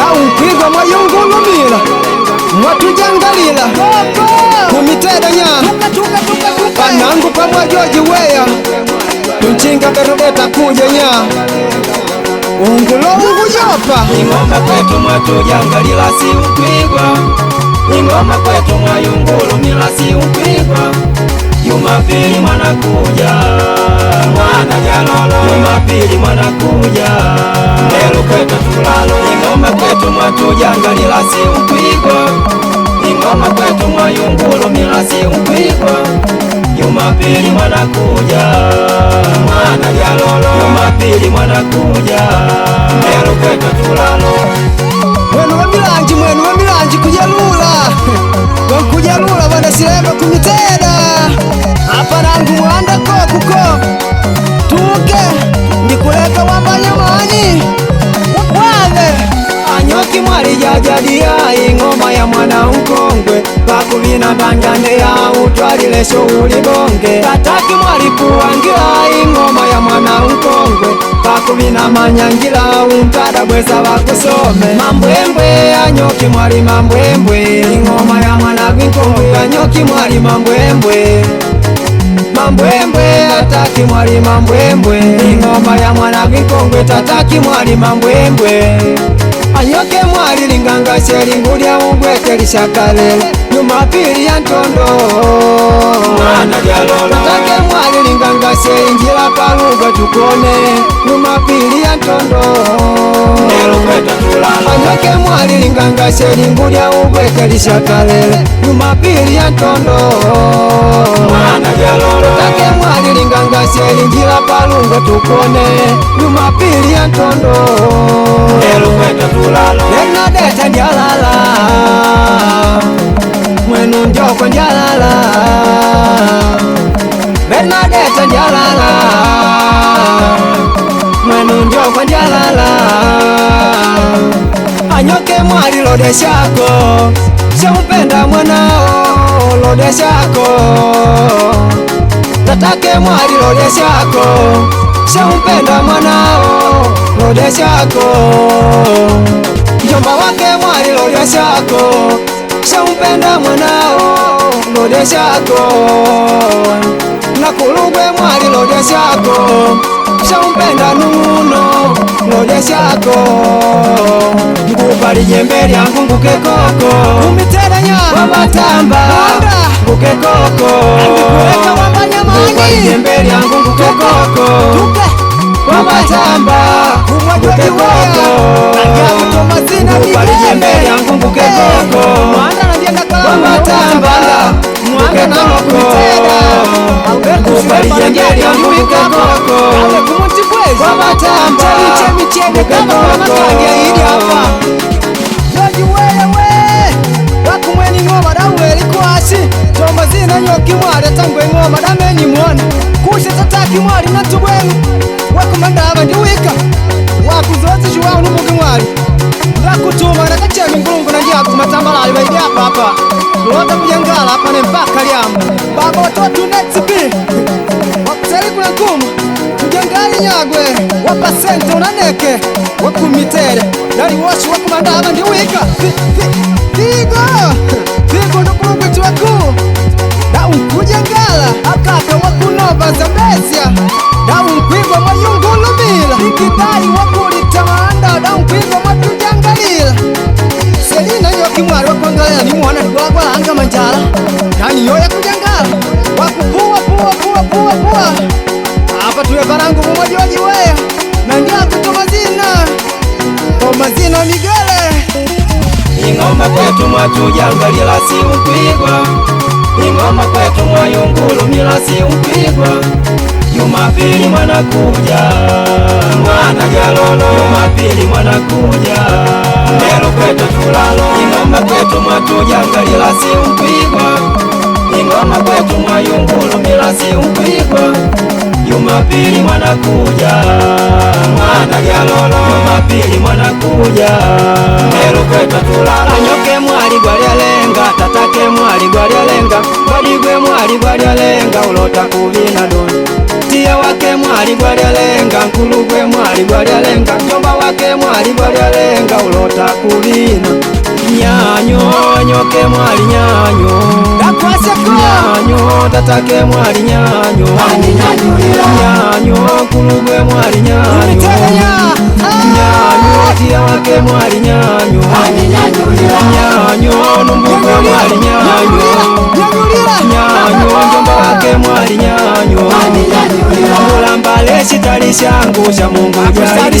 daupigwa mwayungulumila mwatujangalila kumitedanya panangu pamwajojiweya tuncinga berubeta kujenya ungulongu yopa ingoma kwetu mwatujangalila siupigwa ingoma kwetu mwayungulumila jumapili mwanakuja mwana jalolo jumapili mwanakuja kwetu tulalo, ingoma kwetu mwatujanga lilasi ukwigwa, ingoma kwetu mwayungulu milasi ukwigwa, Jumapili mwanakuja mwana jalolo, Jumapili mwanakuja mbelu kwetu tulalo, mwenu wa milanji, mwenu wa milanji kujalula kwa kujalula wana silemba kumiteda hapa nangu mwanda kwa kuko kesho ulibonge, kataki mwalikuwangira ingoma ya mwana ukongwe kakuvina manyangira untadabweza bakusome mambwembwe anyoki mwali mambwembwe ingoma ya mwana gwikongwe anyoki mwali mambwembwe mambwembwe ataki mwali mambwembwe ingoma ya mwana gwikongwe tataki mwali mambwembwe anyoke mwali linganga sheringulya ugwete lishakalele Jumapili ya ntondo natake mwalilingangase injila palugwe tukone Jumapili ya ntondo anake mwalilingangase lingu lya ubweke lishakalele Jumapili ya ntondo natake mwalilingangase injila palugwe tukone Jumapili ya ntondo nenadeta lyalala mwenu njo kwa Njalala Bernadette Njalala mwenu njo kwa Njalala anyoke mwali lodeshako shemupenda mwanao lodeshako tatake mwali lodeshako shemupenda mwanao lodeshako jomba wake mwali lodeshako Umependa mwanao lodeshako na kulugwe mwali lodeshako shaumpenda numuno lodeshako ngupali jembe lyangu nguke koko umitelenya wamatamba nguke koko mani ngupali jembe lyangu nguke koko wamatamba nguke koko ngupali jembe lyangu walijengeli omuwika koko Joji wewe wakumweni ng'oma daweli kwasi tomba zina nyoki mwona kushe tataki mwari wakumandava ndiwika wakuzozishi wawu numuki mwari ndakutuma ndakacheme nyagwe wapasente unaneke wakumitere Kumitere Dari woshi wa kumandaba ndi wika Tigo Tigo nukulungu iti waku Da unkuje Akaka wa kunova za besya Da unkwiva wa na Migele Ingoma kwetu mwatujangaliye lasi upigwa Ingoma kwetu mwayungulumye lasi upigwa Jumapili mwanakuja mwana jalolo Jumapili mwanakuja Ndelo kwetu tulalo Ingoma kwetu mwatujangaliye lasi upigwa Ingoma kwetu mwayungulu lasi upigwa Jumapili mwanakuja mwana Jalolo, Jumapili mwanakuja Meru kwetu tulala, nyoke mwali gwalyalenga tatake mwali gwalyalenga gwadigwe mwali gwalyalenga ulota kubina doni tiya wake mwali gwalyalenga nkulugwe mwali gwalyalenga njomba wake mwali gwalyalenga ulota kubina nyanyo nyoke mwali nyanyo nyanyo tatake mwali nyanyo nyanyo kulugwe mwali nyanyo nyanyo ah! tia wake mwali nyanyo nyanyo numugwe mwali nyanyo nyanyo njomba wake mwali nyanyo mulambale shitali shangu sha mungu jwali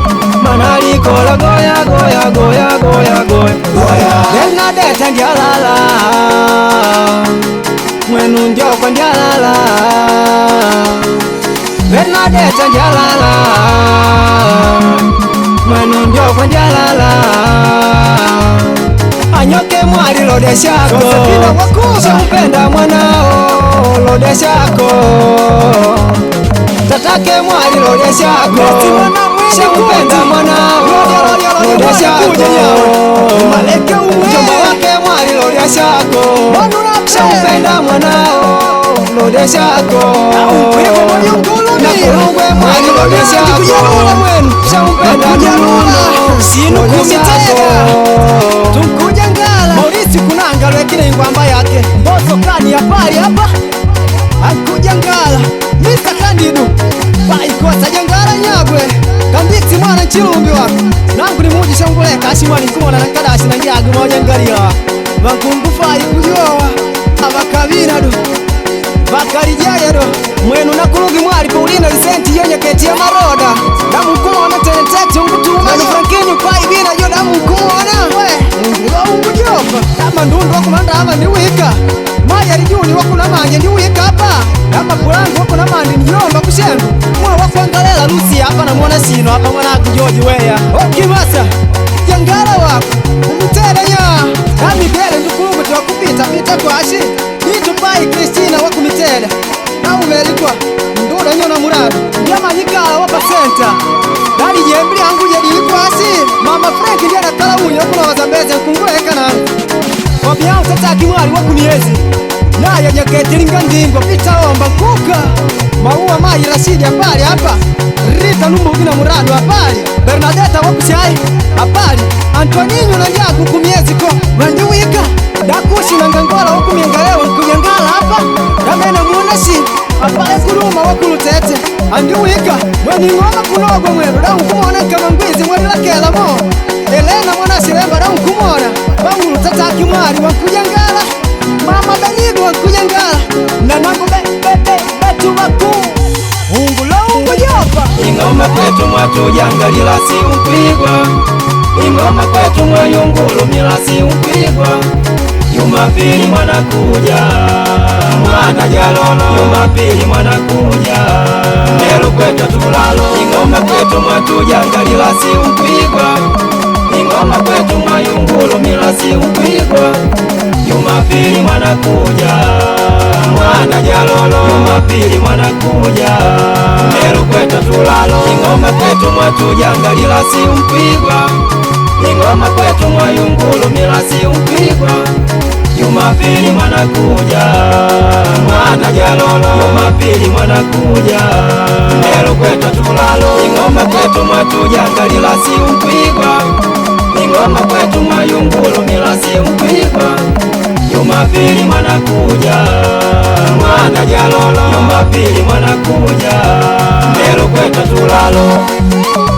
manali kola goya goya goya goya goya lena deta ndyalala mwenu ndyokwa ndyalala lena deta ndyalala mwenu ndyokwa ndyalala anyoke mwali lodeshako mpenda mwanao lodesyako tatake mwariro ria ciako cikupenda mwanao ria ciako njomba wake mwariro ria ciako cikupenda mwanao ria ciako na kurungwe mwariro ria ciako cikupenda vankungufayo njoowa avakavinado vakalijayado mwenu nakulungi mwali paulino lisenti yonyeketi ya maroda damukumona tenetetungutumanu frankini paivinajyo damukumona waungujopa dama ndundu wakumanda ava ndiwika mayari juni wakunamanje ndiwika apa dama pulangu wakunamandi ndiyomba kushendu mwa wakwangalela lusi apa namwona sino apa mwanaku joji okimasa okay, ite kwashi icupayi kristina wakumitele nauvelikwa ndula nyona mulalu lyamanyikala wapasenta dali jembi lyangu lyedili kwasi mama frenki lyadakala unyo okulawaza mbeze nkungula ekanangu wabyangu tataki mwali wakuniezi nyaketilinga ndingo pitaomba kuka mauwa mayi rasidi apali apa rita numbugi na murado apali bernadeta wakusyai apali antoninyo na yaku kumyeziko vandiwika dakushi na ngangala wokumiengalewo kumiengala apa ramene muoneshi apale kuluma wokulutete andiuyika mwening'oma kunogwa mwenu daunkumoneka mangwizi mwelilakelamo elena mwanasilema daunkumona bangulutata akimwali wankujengala mama benidu wankujengala nanangu betu bakuu unguloungujopa ing'oma kwetu mwatujangalila si ukwigwa ing'oma kwetu mweyungulumila si ukwigwa Jumapili mwana kuja, mwana Jalolo, Jumapili mwana kuja, Meru kwetu tulalo, Ingoma kwetu Matuja, Galilasi upigwa, Ingoma kwetu Mayungulu, Milasi upigwa, Jumapili mwana kuja, mwana Jalolo, Jumapili mwana kuja, Meru kwetu tulalo, Ingoma kwetu Matuja, Galilasi upigwa, Ingoma kwetu Mayungulu, Milasi upigwa Jumapili mwanakuja, mwana Jalolo, Jumapili mwanakuja, Ndelu kwetu tulalo, ningoma kwetu mwatuja, kalila si ukwigwa, ningoma kwetu mwayungulu, mila si Jumapili mwanakuja, mwana Jalolo, Jumapili mwanakuja, Ndelu kwetu tulalo